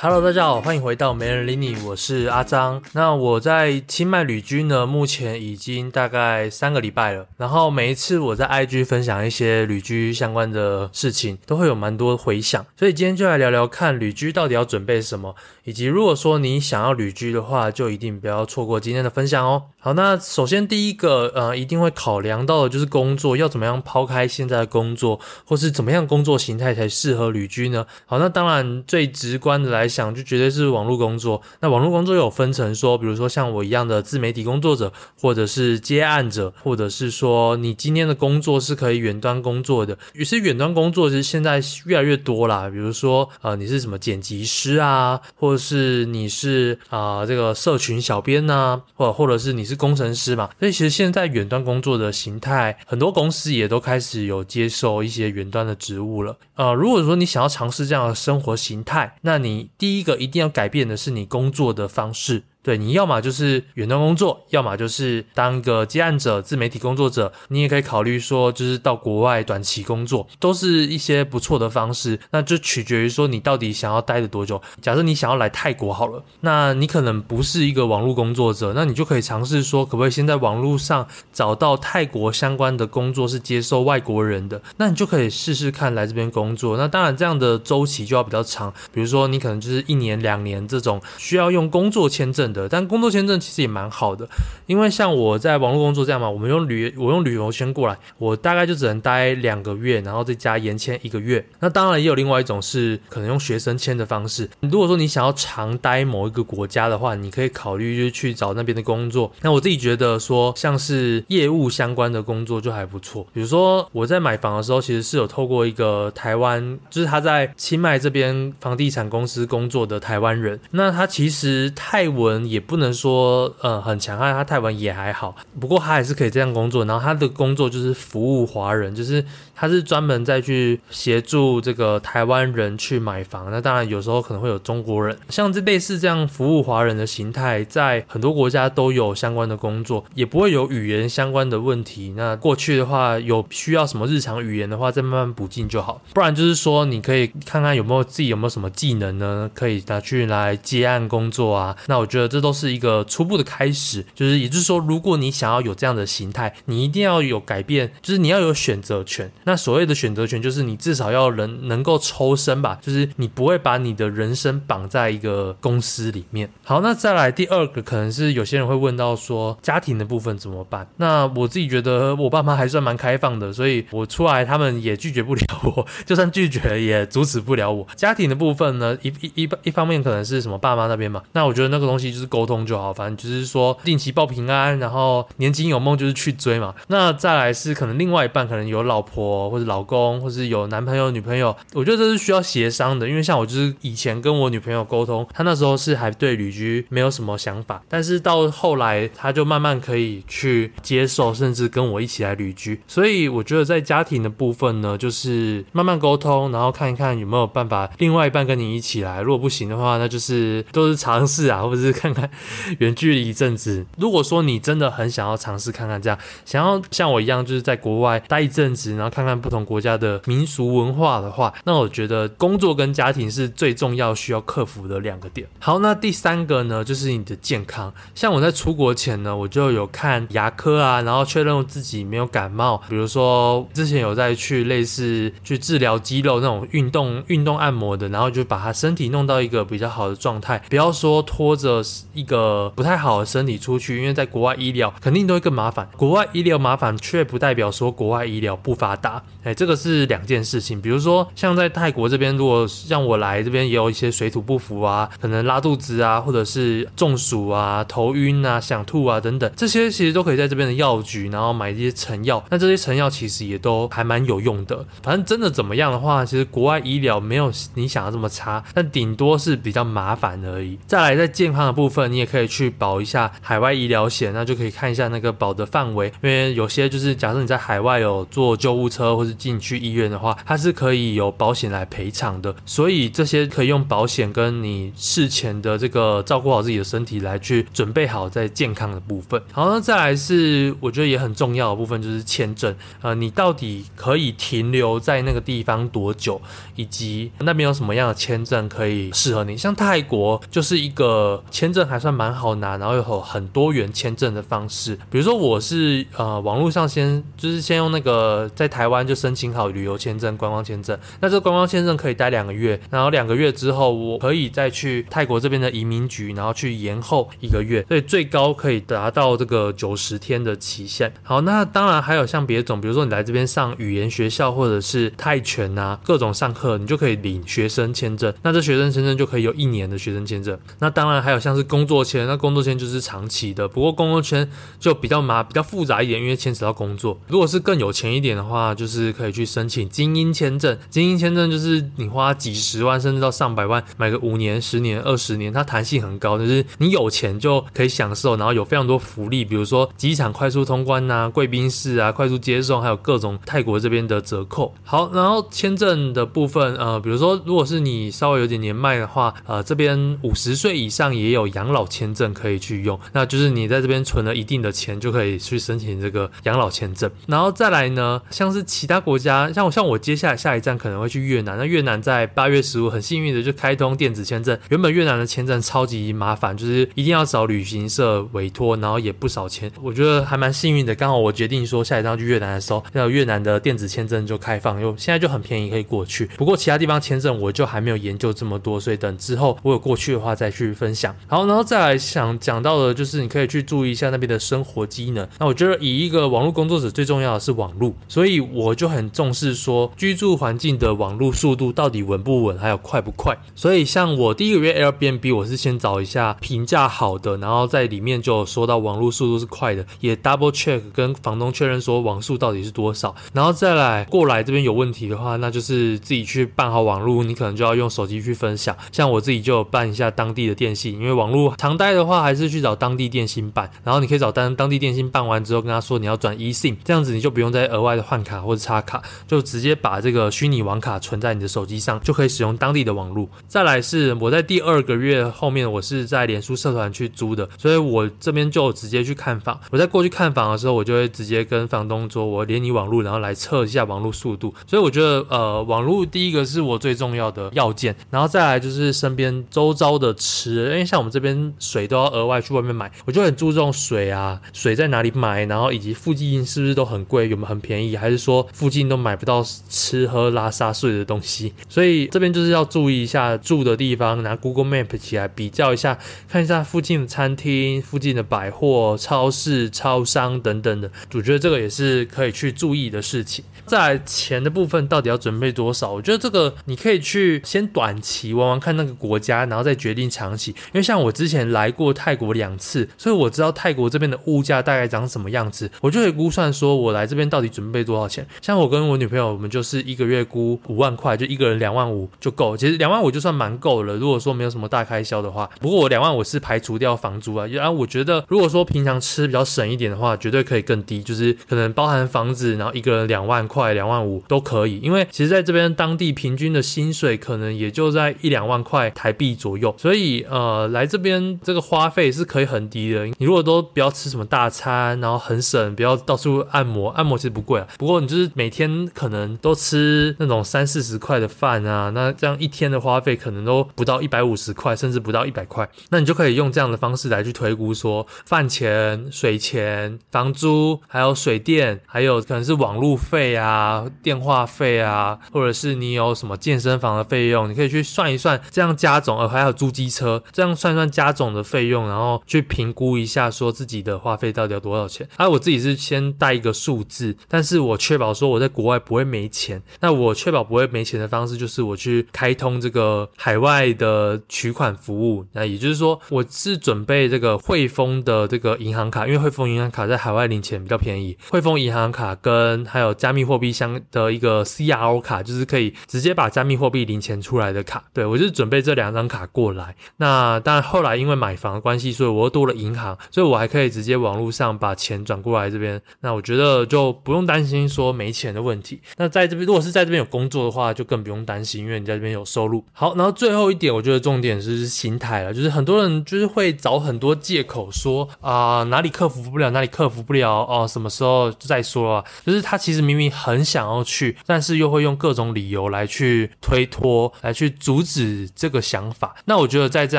哈嘍，Hello, 大家好，歡迎回到沒人理你，我是阿璋。那我在清邁旅居呢，目前已經大概三個禮拜了。然後每一次我在 IG 分享一些旅居相關的事情，都會有蠻多回響。所以今天就來聊聊看旅居到底要準備什麼，以及如果說你想要旅居的話，就一定不要錯過今天的分享哦。好，那首先第一個呃，一定會考量到的就是工作要怎麼樣拋開現在的工作，或是怎麼樣工作形態才適合旅居呢？好，那當然最直觀的來。想就絕對是網絡工作。那網絡工作有分成說，說比如說像我一樣的自媒體工作者，或者是接案者，或者是說你今天的工作是可以遠端工作的。於是遠端工作其實現在越來越多啦。比如說呃，你是什麼剪輯師啊，或者是你是啊、呃、這個社群小編吶、啊，或者或者是你是工程師嘛。所以其實現在遠端工作的形態，很多公司也都開始有接受一些遠端的職務了。呃，如果說你想要嘗試這樣的生活形態，那你。第一個一定要改變的是你工作的方式。對，你要麼就是遠端工作，要麼就是當一個接案者、自媒體工作者。你也可以考慮說，就是到國外短期工作，都是一些不錯的方式。那就取決於說你到底想要待的多久。假設你想要來泰國好了，那你可能不是一個網絡工作者，那你就可以嘗試說，可不可以先在網絡上找到泰國相關的工作是接受外國人的，那你就可以試試看來這邊工作。那當然，這樣的周期就要比較長，比如說你可能就是一年、兩年這種需要用工作簽證的。但工作簽證其實也蠻好的，因為像我在網絡工作這樣嘛，我們用旅我用旅遊簽過來，我大概就只能待兩個月，然後再加延簽一個月。那當然也有另外一種是可能用學生簽的方式。如果說你想要常待某一個國家的話，你可以考慮就是去找那邊的工作。那我自己覺得說，像是業務相關的工作就還不錯。比如說我在買房的時候，其實是有透過一個台灣，就是他在清邁這邊房地產公司工作的台灣人，那他其實泰文。也不能說呃、嗯、很強悍，他泰文也還好，不過他還是可以這樣工作。然後他的工作就是服務華人，就是他是專門在去協助這個台灣人去買房。那當然有時候可能會有中國人，像這類似這樣服務華人的形態，在很多國家都有相關的工作，也不會有語言相關的問題。那過去的話，有需要什麼日常語言的話，再慢慢補進就好。不然就是說，你可以看看有沒有自己有沒有什麼技能呢，可以拿去來接案工作啊。那我覺得。這都是一個初步的開始，就是也就是說，如果你想要有這樣的形態，你一定要有改變，就是你要有選擇權。那所謂的選擇權，就是你至少要能能夠抽身吧，就是你不會把你的人生綁在一個公司裡面。好，那再來第二個，可能是有些人會問到說，家庭的部分怎麼辦？那我自己覺得我爸媽還算蠻開放的，所以我出來他們也拒絕不了我，就算拒絕也阻止不了我。家庭的部分呢，一一一一方面可能是什麼爸媽那邊嘛，那我覺得那個東西。就是溝通就好，反正就是說定期報平安，然後年輕有夢就是去追嘛。那再來是可能另外一半可能有老婆或者老公，或是有男朋友女朋友，我覺得這是需要協商的。因為像我就是以前跟我女朋友溝通，她那時候是還對旅居沒有什麼想法，但是到後來她就慢慢可以去接受，甚至跟我一起來旅居。所以我覺得在家庭的部分呢，就是慢慢溝通，然後看一看有沒有辦法另外一半跟你一起來。如果不行的話，那就是都，就是嘗試啊，或者是看。看看，遠距離一陣子。如果說你真的很想要嘗試看看這樣，想要像我一樣，就是在國外待一陣子，然後看看不同國家的民俗文化的話，那我覺得工作跟家庭是最重要需要克服的兩個點。好，那第三個呢，就是你的健康。像我在出國前呢，我就有看牙科啊，然後確認自己沒有感冒。比如說之前有在去類似去治療肌肉那種運動運動按摩的，然後就把他身體弄到一個比較好的狀態，不要說拖着。一個不太好的身體出去，因為在國外醫療肯定都會更麻煩。國外醫療麻煩卻不代表說國外醫療不發達，哎，這個是兩件事情。比如說像在泰國這邊，如果讓我來這邊，也有一些水土不服啊，可能拉肚子啊，或者是中暑啊、頭暈啊、想吐啊等等，這些其實都可以在這邊的藥局，然後買一些成藥。但這些成藥其實也都還蠻有用的。反正真的怎麼樣的話，其實國外醫療沒有你想的這麼差，但頂多是比較麻煩而已。再來在健康的部部分你也可以去保一下海外醫療險，那就可以看一下那個保的範圍，因為有些就是假設你在海外有坐救護車或是進去醫院的話，它是可以由保險來賠償的。所以這些可以用保險跟你事前的這個照顧好自己的身體來去準備好在健康的部分。好，那再來是我覺得也很重要的部分就是簽證。呃，你到底可以停留在那個地方多久，以及那邊有什麼樣的簽證可以適合你？像泰國就是一個簽證證還算蠻好拿，然後有很多元簽證的方式，比如說我是呃網絡上先就是先用那個在台灣就申請好旅遊簽證，觀光簽證，那這觀光簽證可以待兩個月，然後兩個月之後我可以再去泰國這邊的移民局，然後去延後一個月，所以最高可以達到這個九十天的期限。好，那當然還有像別種，比如說你來這邊上語言學校或者是泰拳啊、各種上課，你就可以領學生簽證，那這學生簽證就可以有一年的學生簽證。那當然還有像是工作簽，那工作簽就是長期的，不過工作簽就比較麻、比較複雜一點，因為牽扯到工作。如果是更有錢一點的話，就是可以去申請精英簽證。精英簽證就是你花幾十萬甚至到上百萬，買個五年、十年、二十年，它彈性很高，就是你有錢就可以享受，然後有非常多福利，比如說機場快速通關啊、貴賓室啊、快速接送，還有各種泰國這邊的折扣。好，然後簽證的部分，呃，比如說如果是你稍微有點年邁的話，呃，這邊五十歲以上也有養老簽證可以去用，那就是你在這邊存了一定的錢，就可以去申請這個養老簽證。然後再來呢，像是其他國家，像我，像我接下來下一站可能會去越南。那越南在八月十五很幸運的就開通電子簽證。原本越南的簽證超級麻煩，就是一定要找旅行社委托，然後也不少錢。我覺得還蠻幸運的，剛好我決定說下一站要去越南的時候，那越南的電子簽證就開放，又現在就很便宜可以過去。不過其他地方簽證我就還沒有研究這麼多，所以等之後我有過去的話再去分享。好。好，然後再來想講到的，就是你可以去注意一下那邊的生活機能。那我覺得以一個網絡工作者最重要的是網絡，所以我就很重視說居住環境的網絡速度到底穩不穩，還有快不快。所以像我第一個月 Airbnb，我是先找一下評價好的，然後在裡面就說到網絡速度是快的，也 double check 跟房東確認說網速到底是多少。然後再來過來這邊有問題的話，那就是自己去辦好網絡，你可能就要用手機去分享。像我自己就有辦一下當地的電信，因為網。路常待的話，還是去找當地電信辦。然後你可以找當當地電信辦完之後，跟他說你要轉 eSIM，這樣子你就不用再額外的換卡或者插卡，就直接把這個虛擬網卡存在你的手機上，就可以使用當地的網絡。再來是我在第二個月後面，我是在臉書社團去租的，所以我這邊就直接去看房。我在過去看房的時候，我就會直接跟房東說，我連你網絡，然後來測一下網絡速度。所以我覺得，呃，網絡第一個是我最重要的要件，然後再來就是身邊周遭的吃，因為像我們這。這邊水都要額外去外面買，我就很注重水啊，水在哪裡買，然後以及附近是不是都很貴，有沒有很便宜，還是說附近都買不到吃喝拉撒睡的東西？所以這邊就是要注意一下住的地方，拿 Google Map 起來比較一下，看一下附近的餐廳、附近的百貨、超市、超商等等的，我覺得這個也是可以去注意的事情。再來錢的部分，到底要準備多少？我覺得這個你可以去先短期玩玩看那個國家，然後再決定長期，因為像我。我之前來過泰國兩次，所以我知道泰國這邊的物價大概長什麼樣子，我就可以估算說我來這邊到底準備多少錢。像我跟我女朋友，我們就是一個月估五萬塊，就一個人兩萬五就夠。其實兩萬五就算蠻夠了，如果說沒有什麼大開銷的話。不過我兩萬五是排除掉房租啊，然後、啊、因為我覺得如果說平常吃比較省一點的話，絕對可以更低，就是可能包含房子，然後一個人兩萬塊、兩萬五都可以。因為其實在這邊當地平均的薪水可能也就在一兩萬塊台幣左右，所以呃，來這。這邊這個花費是可以很低的，你如果都不要吃什麼大餐，然後很省，不要到處按摩，按摩其實不貴啊。不過你就是每天可能都吃那種三四十塊的飯啊，那這樣一天的花費可能都不到一百五十塊，甚至不到一百塊，那你就可以用這樣的方式來去推估說，飯錢、水錢、房租，還有水電，還有可能是網路費啊、電話費啊，或者是你有什麼健身房的費用，你可以去算一算，這樣加總，呃，還有租機車，這樣算一算。加總的費用，然後去評估一下，說自己的花費到底要多少錢？哎、啊，我自己是先帶一個數字，但是我確保說我在國外不會沒錢。那我確保不會沒錢的方式，就是我去開通這個海外的取款服務。那也就是說，我是準備這個匯豐的這個銀行卡，因為匯豐銀行卡在海外領錢比較便宜。匯豐銀行卡跟還有加密貨幣箱的一個 CRO 卡，就是可以直接把加密貨幣領錢出來的卡。對，我就是準備這兩張卡過來。那但後。後來因為買房的關係，所以我又多了銀行，所以我還可以直接網絡上把錢轉過來這邊。那我覺得就不用擔心說沒錢的問題。那在這邊，如果是在這邊有工作的話，就更不用擔心，因為你在這邊有收入。好，然後最後一點，我覺得重點是心態了，就是很多人就是會找很多借口說啊、呃、哪裡克服不了，哪裡克服不了哦，什麼時候再說啊。就是他其實明明很想要去，但是又會用各種理由來去推脫，來去阻止這個想法。那我覺得在這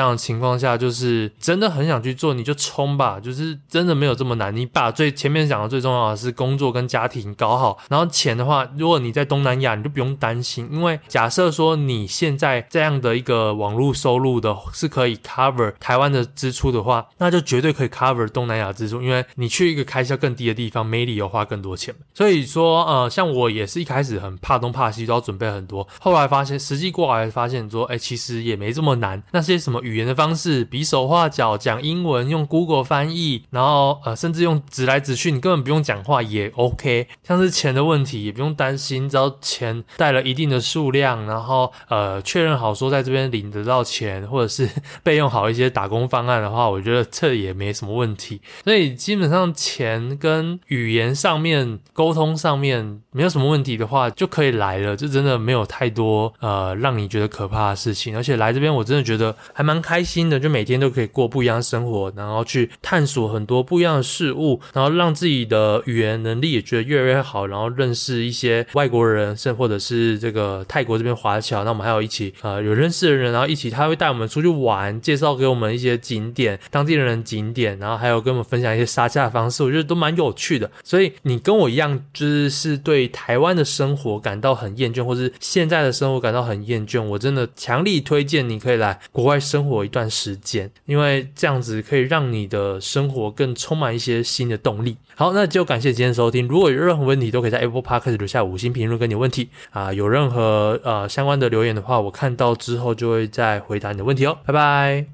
樣的情況下。他就是真的很想去做，你就衝吧。就是真的沒有這麼難。你把最前面講的最重要的是工作跟家庭搞好，然後錢的話，如果你在東南亞，你就不用擔心，因為假設說你現在這樣的一個網絡收入的是可以 cover 台灣的支出的話，那就絕對可以 cover 東南亞支出，因為你去一個開銷更低的地方，沒理由花更多錢。所以說，呃，像我也是一開始很怕東怕西，都要準備很多，後來發現實際過來發現說，哎，其實也沒這麼難。那些什麼語言的方式，是比手畫腳，講英文，用 Google 翻譯，然後呃，甚至用指來指去，你根本不用講話也 OK。像是錢的問題也不用擔心，只要錢帶了一定的數量，然後呃確認好說在這邊領得到錢，或者是備用好一些打工方案的話，我覺得這也沒什麼問題。所以基本上錢跟語言上面溝通上面沒有什麼問題的話，就可以來了。就真的沒有太多呃讓你覺得可怕的事情，而且來這邊我真的覺得還蠻開心的。就每天都可以過不一樣的生活，然後去探索很多不一樣的事物，然後讓自己的語言能力也覺得越來越好，然後認識一些外國人，甚至或者是這個泰國這邊華僑。那我們還有一起呃有認識的人，然後一起他會帶我們出去玩，介紹給我們一些景點，當地人的景點，然後還有跟我們分享一些殺價方式，我覺得都蠻有趣的。所以你跟我一樣，就是是對台灣的生活感到很厭倦，或是現在的生活感到很厭倦，我真的強力推薦你可以來國外生活一段時間時間，因為這樣子可以讓你的生活更充滿一些新的動力。好，那就感謝今天的收聽。如果有任何問題，都可以在 Apple Podcast 留下五星評論，跟你問題啊、呃。有任何呃相關的留言的話，我看到之後就會再回答你的問題哦。拜拜。